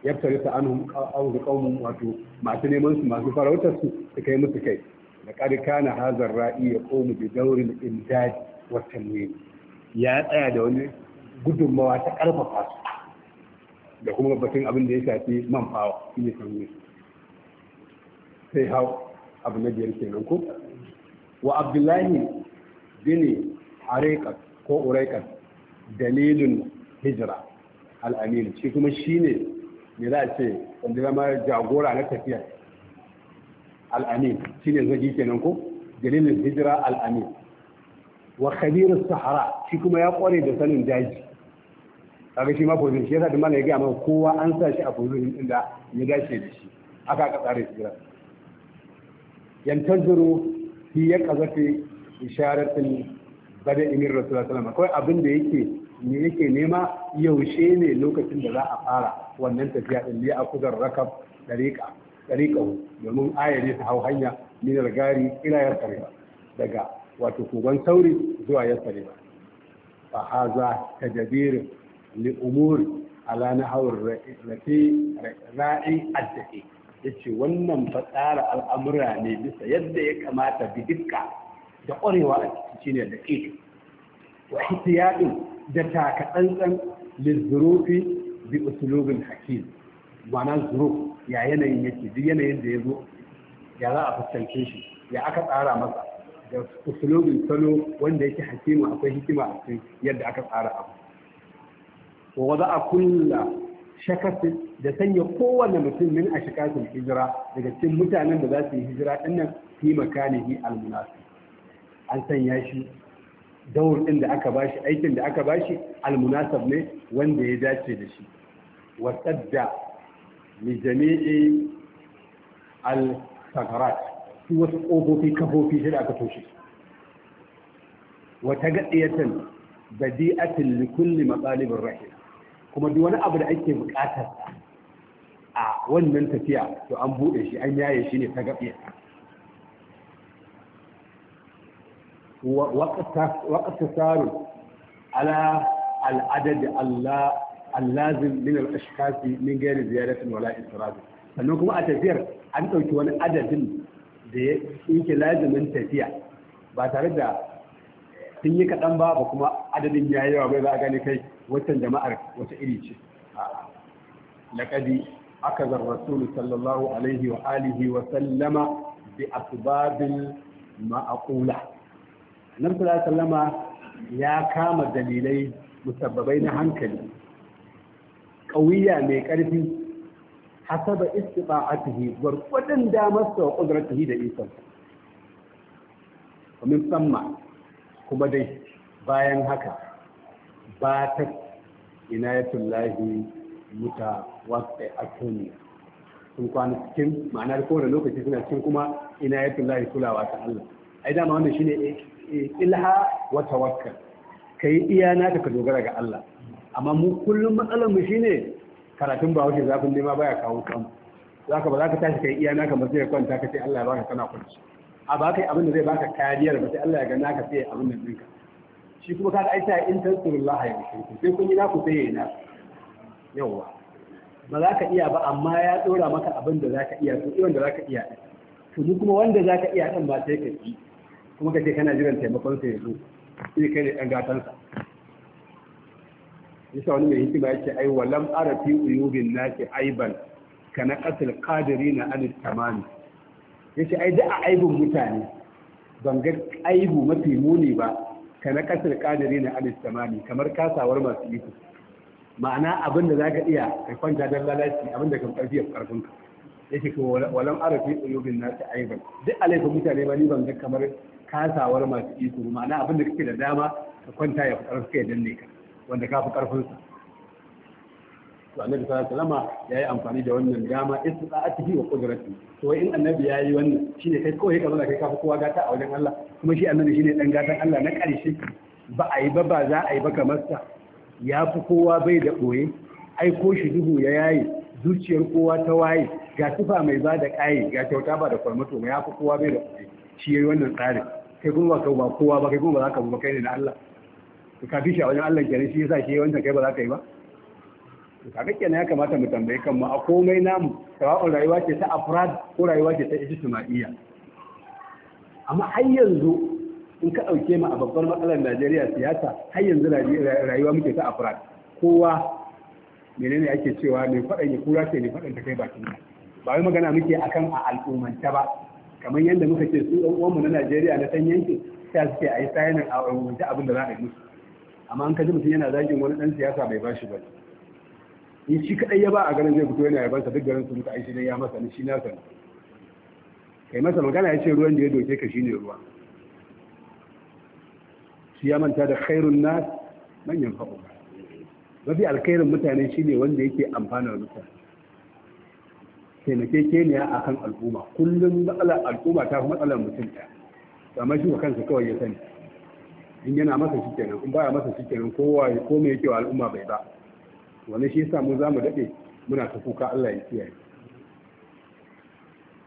yaftari ta anhum auzu qaumun wato masu neman su masu farautar su su kai musu kai da qad na hazar ra'i ya yaqumu bi dawril imdad wa ne. ya tsaya da wani gudunmawa ta ƙarfafa su da kuma batun abin da ya shafi man fawa shi ne sauye sai hau abu na biyar kenan ko wa abdullahi bin arekat ko urekat dalilin hijira al'amin shi kuma shi ne ne za a ce wanda zama jagora na tafiya al'amin shi ne zagi kenan ko dalilin hijira al'amin wa khabirus sahara shi kuma ya kware da sanin daji kaga shi ma position shi yasa da malai ga amma kowa an sa shi a position din da ya dace da shi aka aka tsare hijira yantaziru fi ya kazafi isharatin bada imir rasulullah sallallahu alaihi wasallam abin da yake ne yake nema yaushe ne lokacin da za a fara wannan tafiya din a akudar rakab dariqa dariqa domin ayar ne ta hau hanya min gari ila yarqariba daga wato kogon sauri zuwa yasari fa haza tadabir li umuri ala nahawar rafi ra'i ya yace wannan fa tsara al'amura ne bisa yadda ya kamata bi dukka da ƙwarewa a cikin shine da ƙiƙi wa ihtiyadin da taka tsantsan lizurufi bi usulubin hakim ma'ana zuruf ya yanayin yake duk yanayin da ya zo ya za a fuskance shi ya aka tsara masa da usulubin salo wanda yake hakima akwai hikima a cikin yadda aka tsara abu wa wada a kulla shakasin da sanya kowane mutum min a shakasin hijira daga cikin mutanen da za su yi hijira ɗin nan fi makanihi almunasi an sanya shi daur ɗin da aka bashi aikin da aka bashi almunasab ne wanda ya dace da shi wa sadda li jami'i al-sakarat su wasu ƙofofi kafofi shi da aka toshe wata gaɗiyatan badi'atin li kulli matsalibin rahim kuma duk wani abu da ake buƙatar a wannan tafiya to an buɗe shi an yaye shi ne ta gaɓiya waƙata tsaro ala Allah allazin min al'ashkasi min gani ziyaratin wala isra'il sannan kuma a tafiyar an ɗauki wani adadin da ya tsinke lazimin tafiya ba tare da sun yi kaɗan ba ba kuma adadin ya yawa bai za a gani kai waccan jama'ar wata iri ce laƙadi aka rasulu sallallahu alaihi wa alihi wa sallama bi asbabin ma'aqula annabi sallallahu sallama ya kama dalilai musabbabai na hankali ƙauya mai ƙarfi hasaba istita'atihi gwargwadon damar sa wa qudratihi da ikon min samma kuma dai bayan haka ba ta inayatullahi muta wasta atun sun kwana cikin ma'ana da kowane lokaci suna cikin kuma inayatullahi kulawa ta Allah A ai dama wannan shine eh, eh, ilha wata wakka. Ka yi iya naka ka dogara ga Allah amma mu kullum matsalar mu shine karatun ba wuce zafin nema baya kawo kan zaka ba za ka tashi kai iya naka ba sai kwanta ka ce Allah ya baka kana kwanci a ba kai abin da zai baka kariyar ba sai Allah ya ga naka sai abin nan ɗinka shi kuma kaga aita in tansurullah ya shirku sai kun yi naku sai ya yi naku ba za ka iya ba amma ya tsora maka abin da za ka iya to iwon da za ka iya to ni kuma wanda za ka iya ɗan ba sai ka ji. kuma ka ce kana jiran taimakon sa ya zo sai kai ne ɗan gatansa yasa wani mai hikima yake ai walam arafi uyubin naki aiban Ka kana qatil qadirina an tamami yace ai da aibun mutane ban ga aibu mafi muni ba Ka kana qatil qadirina an tamami kamar kasawar masu iko ma'ana abin da zaka iya kai kwanta dan lalaci abin da kan karfi ya karfin ka yace ko walam arafi uyubin naki aiban duk alaifin mutane ba ni ban ga kamar kasawar masu iko ma'ana abin da kake da dama ka kwanta ya karfi ya danne ka wanda ka fi ƙarfinsa. su to annabi sallallahu alaihi wasallam yayi amfani da wannan dama istita'atihi wa qudratihi to in annabi yayi wannan shine kai kawai ka zauna kai ka fi kowa gata a wajen Allah kuma shi annabi shine dan gatan Allah na ƙarshe ba a yi ba ba za a yi ba kamar sa ya fi kowa bai da ɓoye ko shi duhu ya yayi zuciyar kowa ta waye ga tufa mai ba da ƙaye ga kyauta ba da kwarmato ya fi kowa bai da ɓoye shi ya yi wannan tsarin kai kuma ba kowa ba kai kuma ba za ka ba kai ne na Allah ka fi shi a wajen Allah kenan shi yasa shi wancan kai ba za ka yi ba to kaga kenan ya kamata mu tambaye kanmu a komai namu sawa'un rayuwa ce ta afrad ko rayuwa ce ta ijtima'iyya amma har yanzu in ka ɗauke mu a babbar matsalar Najeriya siyasa har yanzu rayuwa muke ta afrad kowa menene ake cewa mai faɗan ya kura ce mai faɗan ta kai bakin ba wai magana muke akan a al'ummanta ba kamar yadda muka ce su ɗan uwanmu na Najeriya na san yankin sai suke a yi sayanin a abin da za a yi musu amma an kaji mutum yana zagin wani dan siyasa bai bashi ba in shi kadai ya ba a garin zai fito yana yaban sa duk garin su muka aishi ne ya masa ni shi na san kai masa magana ya ce ruwan da ya doke ka shine ruwa shi ya manta da khairun nas manyan yanfa'u mafi alkhairin mutane shine wanda yake amfana da mutane taimakekeniya a kan al'umma kullum matsalar al'umma ta fi matsalar mutum ɗaya kamar shi kansa kawai ya sani in yana masa shi kenan in baya masa shi kenan kowa ya kome yake wa al'umma bai ba wani shi yasa mu zamu dade muna ta kuka Allah ya kiyaye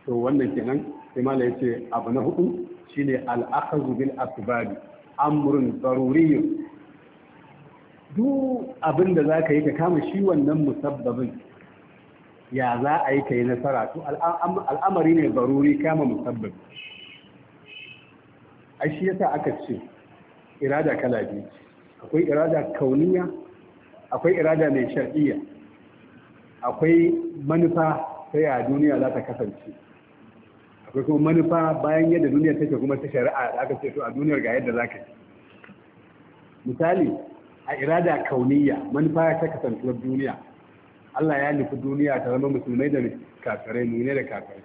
to wannan kenan sai mala yace abu na hudu shine al-akhdhu bil asbab amrun daruri duk abin da za ka yi ka kama shi wannan musabbabin ya za a yi ka yi nasara to al'amari ne baruri kama musabbabi ai shi yasa aka ce irada kala biyu akwai irada kauniya akwai irada mai shar'iyya akwai manufa ta ya duniya za ta kasance akwai kuma manufa bayan yadda duniya take kuma ta shari'a da aka ce to a duniyar ga yadda za ka yi misali a irada kauniya manufa ta kasantuwar duniya Allah ya nufi duniya ta zama musulmai da kafirai ne da kafirai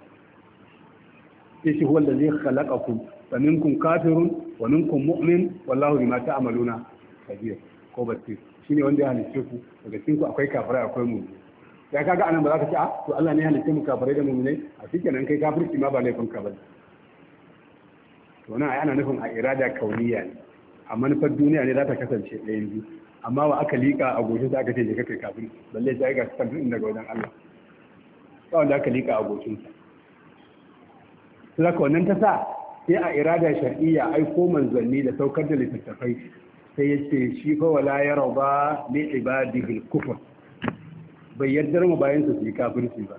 sai shi huwa allazi khalaqakum faminkum kafirun wa minkum mu'min wallahu bima ta'maluna kabir ko basir shine wanda ya halice ku daga cikin ku akwai kafirai akwai mu'min ya kaga anan ba za ka ce ah to Allah ne ya halice mu kafirai da mu'minai a cikin nan kai kafirci ma ba laifin ka ba to nan ai ana nufin a irada kauniya ne a manufar duniya ne za ta kasance ɗayan biyu amma wa aka liƙa a goshin aka ce je kai kafin balle sai ga sabbin daga wajen Allah Ba wanda aka liƙa a goshin sa sai ka wannan ta sa sai a irada shar'iyya aiko manzanni da saukar da littattafai sai ya ce shi fa wala ya raba li ibadihi kufr bai yaddar mu bayan su yi kafirci ba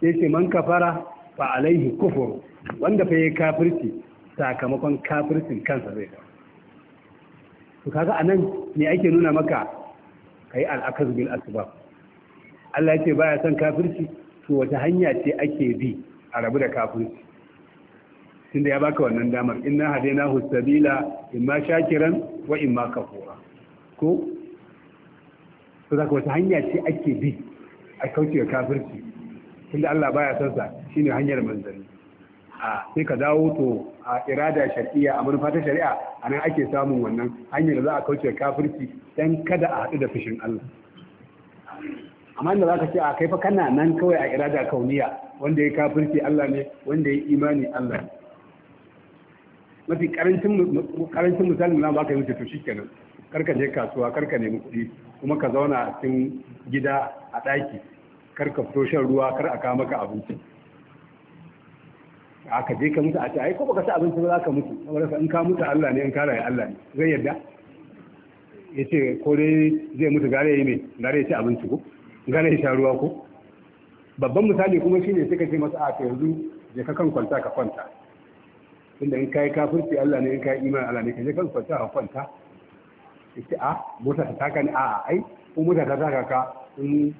sai ce man kafara fa alaihi kufur wanda fa yi kafirci sakamakon kafircin kansa zai da to kaga anan me ake nuna maka kai al-akaz bil asbab Allah ya ce baya son kafirci to wata hanya ce ake bi a rabu da kafirci tunda ya baka wannan damar inna hadaina sabila imma shakiran wa imma kafura ko to zaka wata hanya ce ake bi a kauce ga kafirci tunda Allah baya son sa shine hanyar manzari a sai ka dawo to a irada shari'a a manufa ta shari'a anan ake samun wannan hanyar da za a kauce ga kafirci dan kada a hadu da fushin Allah amma inda za ka ce a kai fa kana nan kawai a irada kauniya wanda ya kafirci Allah ne wanda ya imani Allah ne mafi karancin misalin na baka yi wuce to shikenan karka je kasuwa karka nemi kuɗi kuma ka zauna a cikin gida a ɗaki karka fito shan ruwa kar a kawo maka abinci a ka je ka mutu a ce ai ko baka sa abinci ba za ka mutu saboda in ka mutu Allah ne in ka rayu Allah ne zai yarda yace ko dai zai mutu gare yi ne gare ya ci abinci ko gare ya sha ruwa ko babban misali kuma shine ka ce masa a yanzu je ka kan kwanta ka kwanta inda in kai kafirci Allah ne in kai imani Allah ne kaje kan kwanta a kwanta yace a ah, mota ta taka ni a ai ko mota ta taka ka in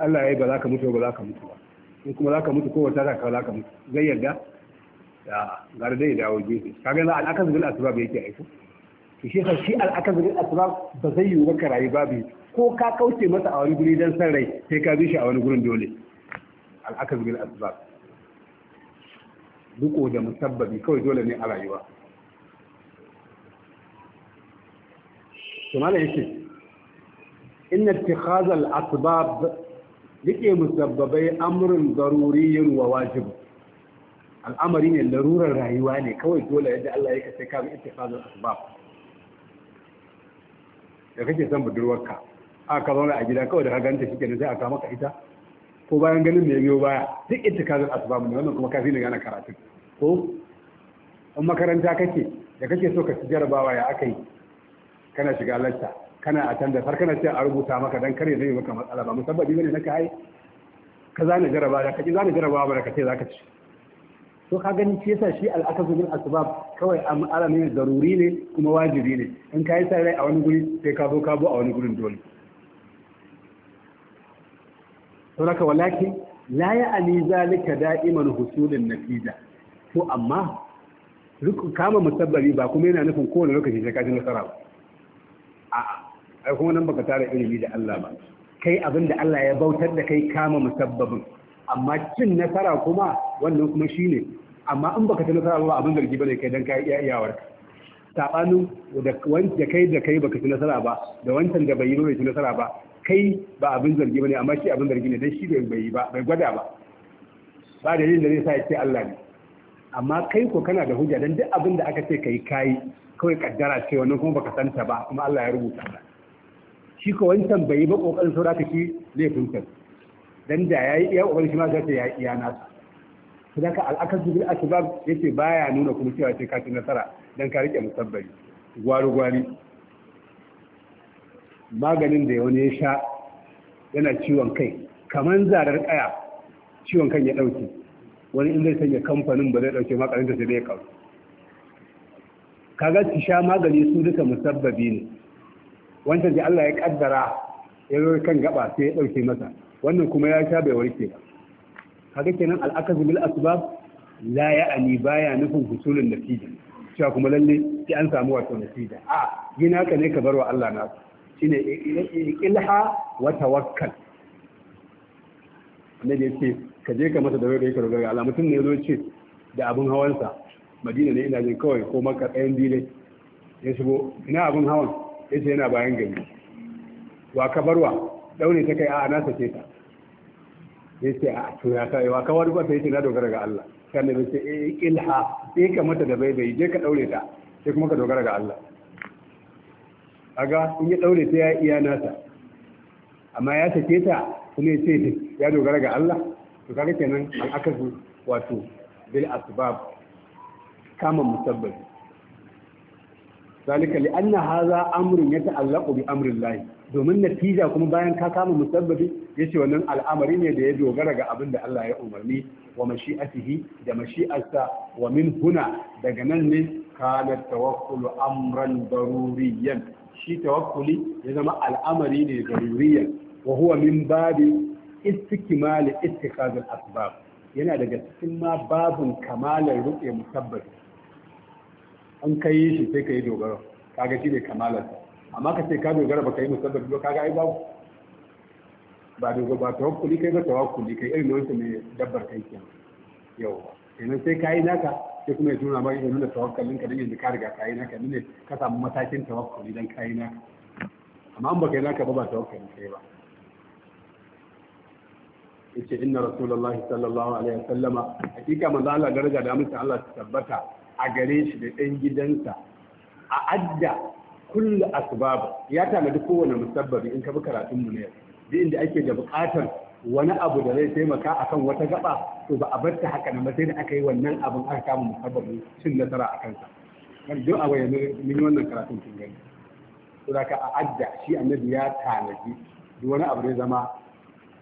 Allah ya yi ba za ka mutu ba za ka mutu ba in kuma za ka mutu ko wata za ka za ka mutu zai yarda da gara dai dawo gefe kaga na al'akazin bil asbab yake aiko to shi sa shi al'akazin bil asbab ba zai yiwu ka rayu bi, ko ka kauce masa a wani guri dan san rai sai ka bi shi a wani gurin dole al'akazin bil asbab riko da musabbabi kawai dole ne a rayuwa tumala yake inna ittikhaz al asbab rike musabbabai amrun daruriyyun wa wajib al'amari ne larurar rayuwa ne kawai dole yadda Allah ya kace ka bi ittikhaz al asbab da kake son budurwarka aka zauna a gida kawai da ka ganta shike ne sai aka maka ita ko bayan ganin mai biyo baya duk ita ka zan asibamu ne wannan kuma kafin ne gane karatun ko in makaranta kake da kake so ka ci jarabawa ya aka yi kana shiga lacca kana a can da har kana ce a rubuta maka dan kare zai maka matsala ba musabbabi bane na kai ka zana jarabawa da kake zana jarabawa ba da kace zaka ci to ka gani shi yasa shi al'akazu bil asbab kawai al'amari ne zaruri ne kuma wajibi ne in ka yi sa rai a wani guri sai ka zo ka bu a wani gurin dole sauraka walakin la ya ali zalika da'iman husulin natija to amma kama musabbari ba kuma yana nufin kowane lokaci sai ka ji nasara ba a'a ai kuma nan baka tara ilimi da Allah ba kai abin da Allah ya bautar da kai kama musabbabin amma cin nasara kuma wannan kuma shine amma in baka ta nasara ba abin zargi bane kai dan kai iya iyawar sabanin da wanda kai da kai baka ci nasara ba da wancan da bai yi bai ci nasara ba kai ba abin zargi bane amma shi abin zargi ne dan shi bai yi ba bai gwada ba ba da yin da zai sa ya ce Allah ne amma kai ko kana da hujja dan duk abin da aka ce kai kai kawai kaddara ce wannan kuma baka santa ba kuma Allah ya rubuta ba shi ko wancan bai ba kokarin saura ka shi laifin ka dan da yayi iya kokarin shi ma sai ya iya nasu ka al'akasu bil asbab yace baya nuna kuma cewa sai ka ci nasara dan ka rike musabbari gwaru gwari maganin da wani ya sha yana ciwon kai kamar zarar kaya ciwon kan ya dauke wani in zai sanya kamfanin ba zai dauke maganin da zai kawo kaga ki sha magani su duka musabbabi ne wancan da Allah ya kaddara ya zo kan gaba sai ya dauke masa wannan kuma ya sha bai warke ba kaga kenan al'akazu bil asbab la ya'ani baya nufin husulun natija cewa kuma lalle sai an samu wato natija a gina haka ne ka barwa Allah nasu shine ilha wa tawakkal annabi ya ce ka je ka masa da wai ka dogara Allah mutum ne zo ce da hawan hawansa Madina ne ina jin kawai ko maka ɗayan dile ya shigo ina abun hawan ya ce yana bayan gari wa ka barwa daune ta kai a na sace ta ya ce a to ya kai wa kawar ba ta yace na dogara ga Allah sannan ya ce eh, ilha sai ka mata da bai bai je ka daure ta sai kuma ka dogara ga Allah Aga in ya daure ta ya iya nasa amma ya sake ta kuma ya ce ya dogara ga Allah to kaga kenan al'akasu wato bil asbab kama musabbab zalika li anna hadha amrun yata'allaqu bi amri Allah domin natija kuma bayan ka kama musabbabi yace wannan al'amari ne da ya dogara ga abin da Allah ya umarni wa mashi'atihi da mashi'arsa wa min huna daga nan ne kana tawakkulu amran daruriyan shi tawakkuli ya zama al'amari ne zaruriya wa huwa min babi istikmali al asbab yana daga cikin ma babun kamalar rufe musabbat an kai shi sai kai dogaro kaga shi ne kamalar amma ka ce ka dogara ba kai musabbat ba kaga ai babu ba dogo ba tawakkuli kai ba tawakkuli kai irin wanda mai dabbar kai kenan yawa kenan sai kai naka sai kuma ya tuna ba ya nuna tawakkalin ka dan yanzu ka riga kayi naka ne ka samu matakin tawakkali dan kayi naka amma an baka yi naka ba ba tawakkalin kai ba yace inna rasulullahi sallallahu alaihi wasallama hakika manzo Allah daraja da mutum Allah ta tabbata a gare shi da ɗan gidansa a adda kullu asbab ya tanadi kowane musabbabi in ka bi karatun mu ne duk inda ake da buƙatar wani abu da zai taimaka akan wata gaba to ba a bar ta haka na ba sai da aka yi wannan abin aka kama musabbabin cin nasara a kansa kan duk a yanzu mini wannan karatun kin gani to da ka a adda shi annabi ya tanaji duk wani abu da zama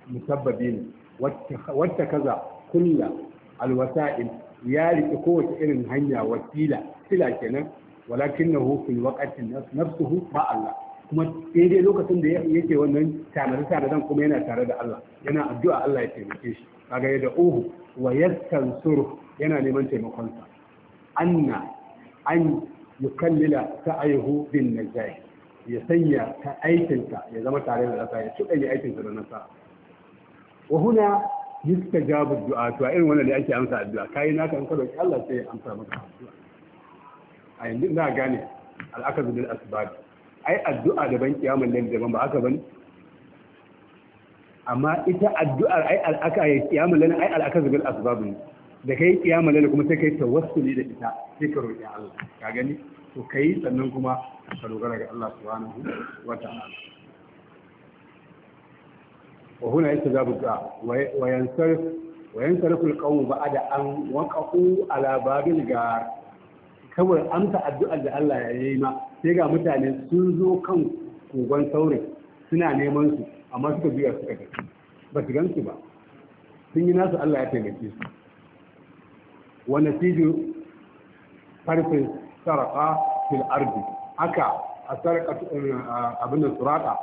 musabbabi ne wata kaza kulla alwasa'il ya rike kowace irin hanya wasila sila kenan walakinahu fil waqti nafsuhu ba Allah kuma daidai lokacin da yake wannan tanar tanadan kuma yana tare da Allah yana addu'a Allah ya taimake shi kaga yadda da uhu wa yastansuru yana neman taimakon sa anna an yukallila sa'ayhu bin najah ya sanya ta aikin sa ya zama tare da nasa ya ya sa da nasa wa huna yastajabu du'a to irin wannan da ake amsa addu'a kai naka in ka roki Allah sai ya amsa maka addu'a a yanzu ina gane al'akazu bil asbab ai addu'a daban kiyamun nan daban ba haka bane amma ita addu'ar ai al'aka ya kiyamun nan ai al'aka zubil ne. da kai kiyamun nan kuma sai kai tawassuli da ita sai ka roƙi Allah ka gani to kai sannan kuma ka dogara ga Allah subhanahu wa ta'ala wa huna yastajabu du'a wa yansarif wa yansarifu al-qawm ba'da an waqa'u ala babil gar kawai amsa addu'ar da Allah ya yi ma sai ga mutane sun zo kan kogon saurin suna neman su amma suka biya suka tafi ba su gan ba sun yi nasu Allah ya taimake su Wani natiju farfin sarafa fil ardi haka a sarƙa abin da suraka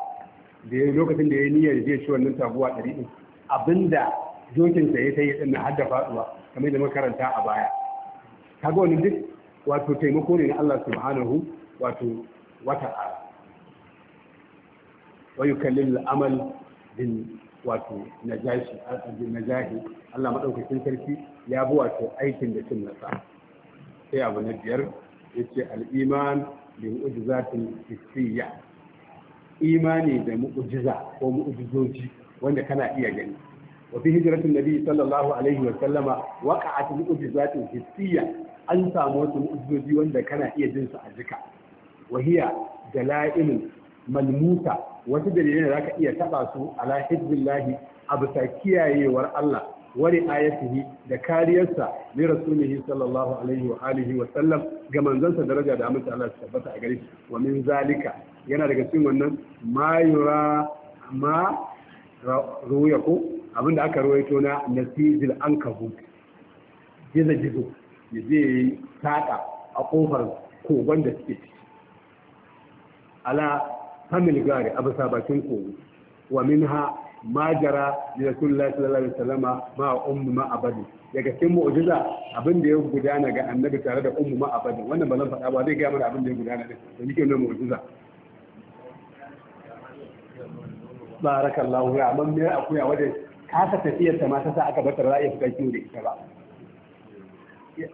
da ya lokacin da ya niyyar zai ci wannan tabuwa ɗari ɗin abinda dokin ya sai ya dinna hadda faɗuwa kamar da makaranta a baya kaga wani duk wato taimako ne na Allah subhanahu wato wata ara wa yukallimu al'amal bin wato najashi bin najahi Allah madaukakin sarki ya bi wato aikin da cin nasa sai abu na biyar yace al-iman bi mu'jizatin hissiyya imani da mu'jiza ko mu'jizoji wanda kana iya gani wa fi hijratin nabi sallallahu alaihi wa sallama waqa'at mu'jizatin hissiyya an samu wasu mu'jizoji wanda kana iya jin su a jika wahiya dalailul malmuta wasu dalilai da zaka iya taɓa su ala hizbillahi abusa kiyayewar Allah wani ayatihi da kariyarsa li rasulihi sallallahu alaihi wa ga manzansa daraja da amince Allah tabbata a gare wa min zalika yana daga cikin wannan ma yura ma ruya ko abinda aka ruwaito na nasijil ankabut gizo gizo ya je saƙa a ƙofar kogon da suke ci ala famil gari a bisa bakin kogo wa minha majara da rasulullahi sallallahu alaihi wasallama ma ummu ma abadi daga cikin mu'jiza abin da ya gudana ga annabi tare da ummu ma abadi wannan ba zan faɗa ba zai ga mana abin da ya gudana din da yake nuna mu'jiza barakallahu ya amma me akuya wajen kasa tafiyar ta ma ta sa aka bar ta ra'ayi fita kiwo da ita ba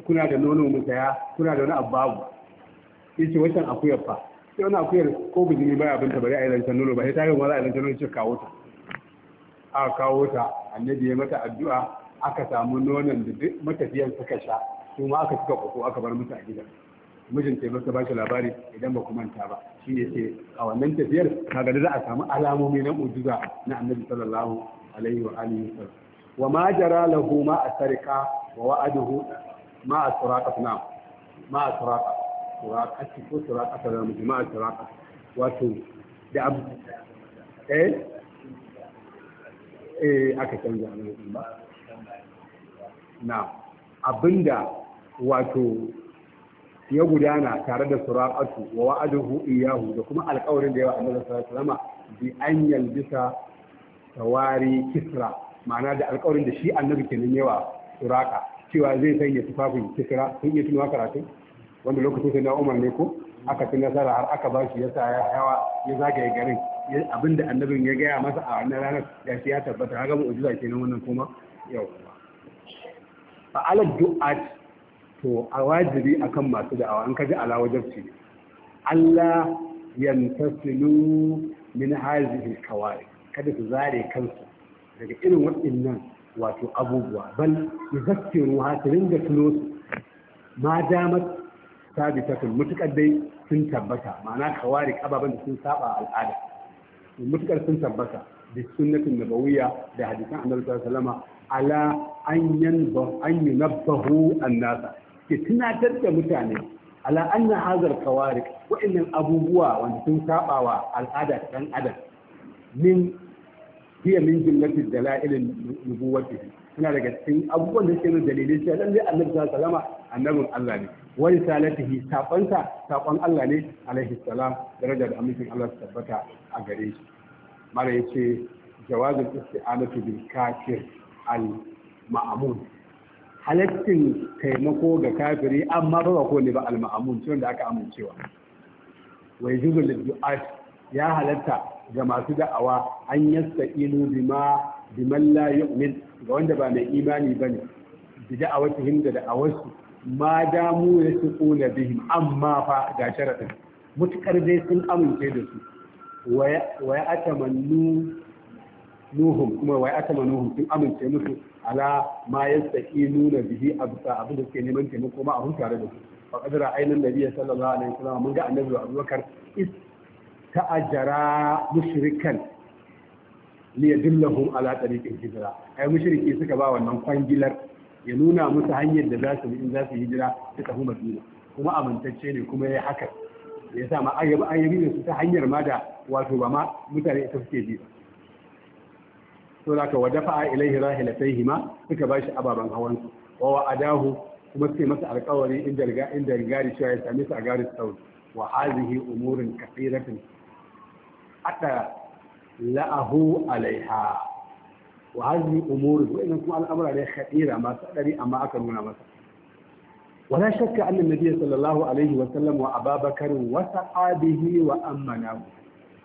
kuna da nono musaya kuna da wani abbabu yace wancan akuyar fa sai wani akuyar ko bijimi baya abin ta bari a yi zancen nono ba sai ta wani ma za a yi nono ce kawo ta a kawo ta annabi ya mata addu'a aka samu nonon da duk matafiyan suka sha su ma aka cika kwako aka bar musu a gidan mijin ta masa ba shi labari idan ba ku manta ba shi ne ce a wannan tafiyar kaga da za a samu alamomi na mu'jiza na annabi sallallahu alaihi wa alihi wasallam wa ma jara lahu ma asrika wa wa'aduhu ma asraka na ma asraka suraƙati ko suraƙata da mujima'ar suraƙa wato da abu eh eh aka canza nan ba na abinda wato ya gudana tare da suraƙatu wa wa'aduhu iyahu da kuma alƙawarin da yawa annabi sallallahu alaihi wasallam bi an yalbisa tawari kisra ma'ana da alƙawarin da shi annabi kenan yawa suraka cewa zai sanya tufafin kisra sun iya tunawa karatu wanda lokacin sai na umar ne ko aka fi nasara har aka ba shi ya sa ya hawa ya zagaye garin abinda annabin ya gaya masa a wannan ranar ya shi ya tabbata haka ke kenan wannan kuma yau fa ala du'at to a wajibi akan masu da'awa an kaji ala wajibci Allah yantasilu min hazihi kawai kada su zare kansu daga irin waɗannan wato abubuwa bal yuzakkiru ha da ringa su ma damat sabitatun mutukar dai sun tabbata ma'ana kawari ababen da sun saba al'ada mutukar sun tabbata da sunnatin nabawiyya da hadisan annabi sallallahu alaihi ala an yanba an yunabbahu annasa ke tunatar da mutane ala anna hazar kawari wa'annan abubuwa wanda sun saba wa al'ada ta dan adam min hiya min jumlatil dalailin nubuwwatihi suna daga cikin abubuwan da suke dalilin cewa lallai annabi sallallahu alaihi wasallam annabin Allah ne wa risalatihi sakonsa sakon Allah ne alaihi salam daraja da amincin Allah ta tabbata a gare shi mala yace jawazul isti'anatu bil kafir al ma'amun halaccin taimako ga kafiri amma ba ba kone ba al ma'mun da aka amincewa wai juzul du'a ya halatta ga masu da'awa an yasta ilu bima biman la yu'min ga wanda ba mai imani bane bi da'awatihim da awasu ma mu ya su kula bihim amma fa ga sharaɗin mutakar dai sun amince da su waya atamannu nuhum kuma waya atamannuhum sun amince musu ala ma yastaqi nuna bihi abta abin da suke neman taimako ma abun tare da su fa qadara ainan nabiyyi sallallahu alaihi wasallam mun ga annabi Bakar is ajara mushrikan liyadillahum ala tariqil hijra ai mushriki suka ba wannan kwangilar ya nuna musu hanyar da za su bi in za su hijira ta tafi madina kuma amintacce ne kuma ya haka ya sa ma ayyabi ayyabi ne su ta hanyar ma da wato ba ma mutane ita suke bi to da ka wadafa ilaihi rahilatayhi ma suka ba shi ababan hawan su wa wa'adahu kuma sai masa alƙawari inda riga inda riga da cewa ya same su a garin saudi wa hadhihi umurun kathiratin hatta la'ahu alaiha wa hazi umuri wa'annan kuma al'amura ne khadira masu hadari amma aka nuna masa wala shakka anna nabiyyi sallallahu alaihi wa sallam wa ababakar wa sa'abihi wa ammana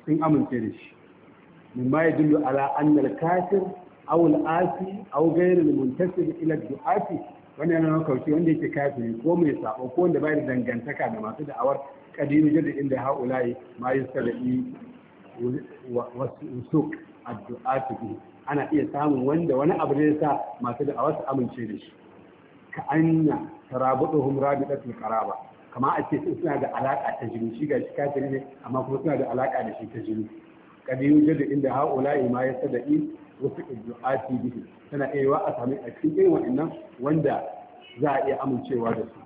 sun amince da shi mimma yadullu ala anna al-kafir aw al-asi aw ghayr al-muntasib ila du'ati wannan yana kauce wanda yake kafiri ko mai sabo ko wanda bai da dangantaka da masu da'awar kadiru jadda inda haula'i ma yusala'i wasu addu'a bihi ana iya samun wanda wani abu ne sa masu da wasu amince da shi ka anya tarabuduhum rabidatul qaraba kama a ce suna da alaka ta jini shi ga shi kafiri ne amma kuma suna da alaka da shi ta jini kadiyu jadda inda haula'i ma yasada'i wasu addu'ati bihi tana iya wa a sami a cikin irin wannan wanda za a iya amincewa da su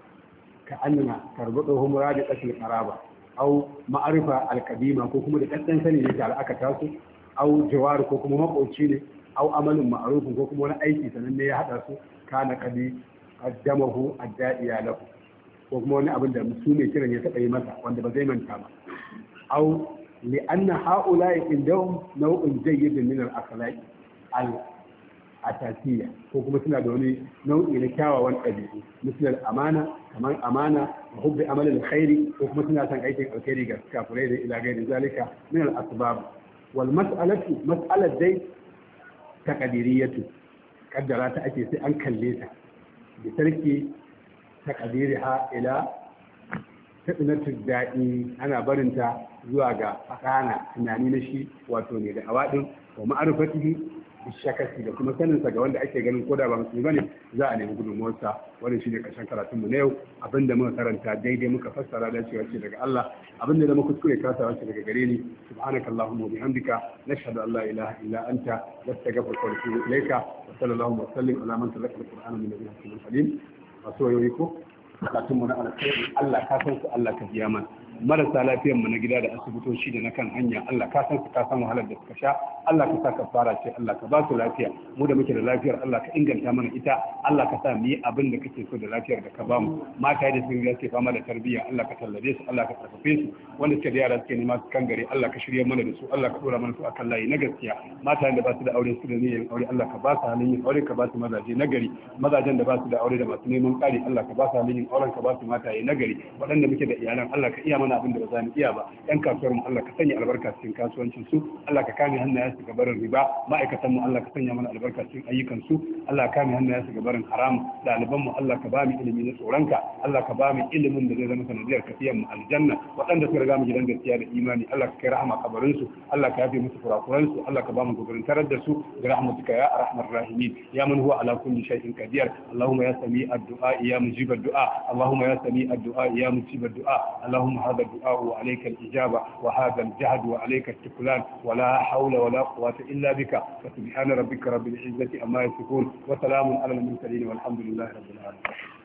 ka anna tarabuduhum rabidatul qaraba au ma'arifa alƙadima ko kuma da ɗanɗan sani ne tare aka taso au jawar ko kuma maƙoci ne au amalin ma'arufin ko kuma wani aiki sananne ya haɗa su kana kadi addamahu adda'iya lahu ko kuma wani abin da su ne kiran ya taɓa yi masa wanda ba zai manta ba au li'anna ha'ula'i indahum nau'un jayyidin min al atakiya ko kuma suna da wani nau'i na kyawawan ɗabi'u misalar amana kamar amana wa hubbi amalin khairi ko kuma suna son aikin alkhairi ga kafirai da ila gairi zalika min al asbab wal mas'alatu mas'alat dai kaddara ta ake sai an kalle ta bi tarki taqdiriha ila tadinatu da'i ana barinta zuwa ga akana tunani na shi wato ne da awadin wa ma'arifatihi shakaki da kuma saninsa ga wanda ake ganin koda ba musulmi bane za a nemi gudunmuwarsa wannan ne karshen karatunmu na yau abinda muka karanta daidai muka fassara da cewa ce daga Allah abinda da muka kuskure kasawa ce daga gare ni subhanakallahumma wa bihamdika nashhadu an la ilaha illa anta nastaghfiruka wa natubu ilayka wa sallallahu wa sallim ala man talaqa alqur'ana min nabiyyi hakimin alim masu wayoyi ko karatunmu na alkhairi Allah ka san su Allah ka biya mana marasa lafiyar na gida da asibitoci da na kan hanya Allah ka san su ka san wahalar da suka sha Allah ka sa ka fara ce Allah ka ba su lafiya mu da muke da lafiyar Allah ka inganta mana ita Allah ka sa mu yi abin da kake so da lafiyar da ka ba mu mata da sun suke fama da tarbiyya Allah ka tallabe su Allah ka tsarkafe su wanda suke da yara suke nema su kan Allah ka shirye mana da su Allah ka dora mana su akan layi na gaskiya mata da ba su da aure su da niyyar aure Allah ka ba su halin yin aure ka ba su mazaje na gari mazajen da ba su da aure da masu neman ƙari Allah ka ba su halin yin auren ka ba su mataye na gari waɗanda muke da iyalan Allah ka iya mana mana abin da ba za mu iya ba yan kasuwar mu Allah ka sanya albarka cikin kasuwancin su Allah ka kame hannayen su barin riba ma'aikatan mu Allah ka sanya mana albarka cikin ayyukan su Allah ka kame hannayen su gabarin haram ɗaliban mu Allah ka ba mu ilimi na tsoronka Allah ka ba mu ilimin da zai zama sanadiyar kafiyar mu aljanna waɗanda suka riga mu gidan gaskiya da imani Allah ka kai rahama kabarin su Allah ka yafe musu kurakuran su Allah ka ba mu tarar da su da rahmatuka ya arhamar rahimin ya man huwa ala kulli shay'in qadir Allahumma ya sami addu'a ya mujib addu'a Allahumma ya sami addu'a ya mujib addu'a Allahumma وهذا الدعاء وعليك الإجابة وهذا الجهد وعليك التكلان ولا حول ولا قوة إلا بك فسبحان ربك رب العزة أما يصفون وسلام على المرسلين والحمد لله رب العالمين